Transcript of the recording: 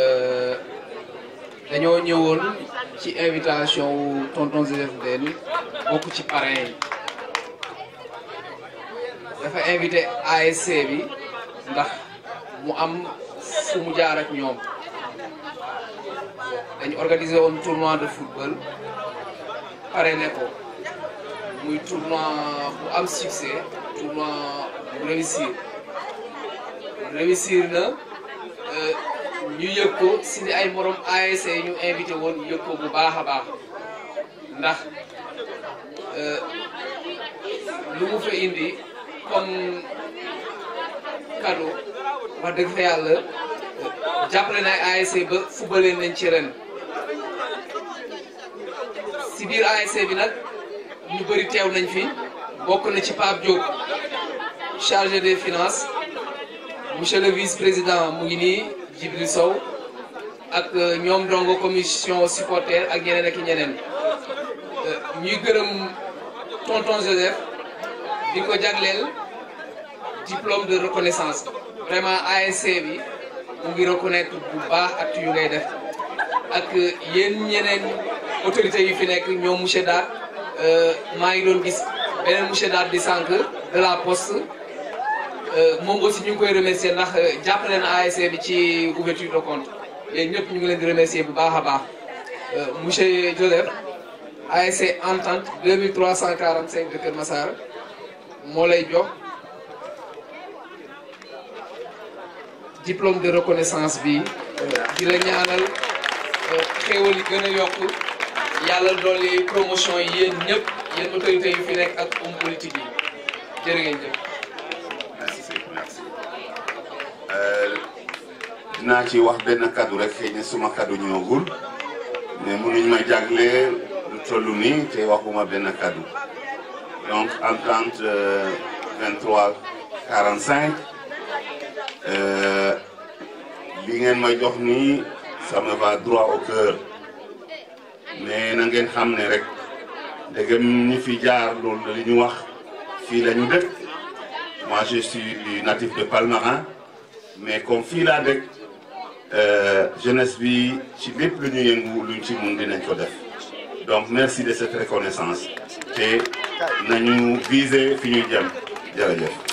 Eh, dañoo ñëwoon ci invitation wu tonton Joseph Ndéné bokk ci parrain yi dafa invité ASC bi ndax mu am fu mu jaar ak ñoom dañu woon tournoi de football parrainé ko muy tournoi bu am succès tournoi bu réussir réussir na. Eh, ñu yëg ko si ay moroom ASC ñu invité woon yëg ko bu baax a baax ndax euh, lu mu fa indi comme cadeau wax dëgg fa yàlla jàppale na ay ASC ba fubalee nañ ci ren si biir ASC bi nag ñu bëri teew nañ fi bokk na ci Pape Diop chargé des finances monsieur le vice-président mu ngi nii Djibril Sow ak euh, ñoom dongo commission supporter ak ñeneen ak ñeneen euh, ñuy gërëm tonton Joseph di ko jagleel diplôme de reconnaissance vraiment ASC bi mu ngi reconnaître bu baax ak yu ngay def ak euh, yéen ñeneen autorités yu fi nekk ñoom monsieur Dar maa ngi doon gis beneen monsieur Dar di sànq de la poste Euh, moom aussi ñu ngi koy remercier ndax euh, jàppale na ASC bi ci ouverture de ñu ngi leen di remercier bu baax a baax euh, monsieur Joseph ASC entente 2345 de Kër Massar moo lay jox diplôme de reconnaissance bi di la ñaanal xéewal yi gën a yokk yàlla dolli promotion yi yéen ñëpp yéen autorités yu fi nekk ak homme politique yi dinaa ci wax benn kaddu rek xëy suma kaddu ñogul mais mënuñ may jaglé lu toll nii te waxuma ben kaddu donc entente 23 euh, 45 euh li ngeen may jox ni ça me va droit au cœur mais na ngeen xamné ne rek ndegem ñi fi jaar loolu li ñu wax fi lañu dëkk moi je suis natif de Palmarin mais comme fii laa dëkk euh, jeunesse bi ci bépp lu ñu yëngu luñ ci mun dinañ ko def donc merci de cette reconnaissance te nañu viser fi ñuy jëm jërëjëf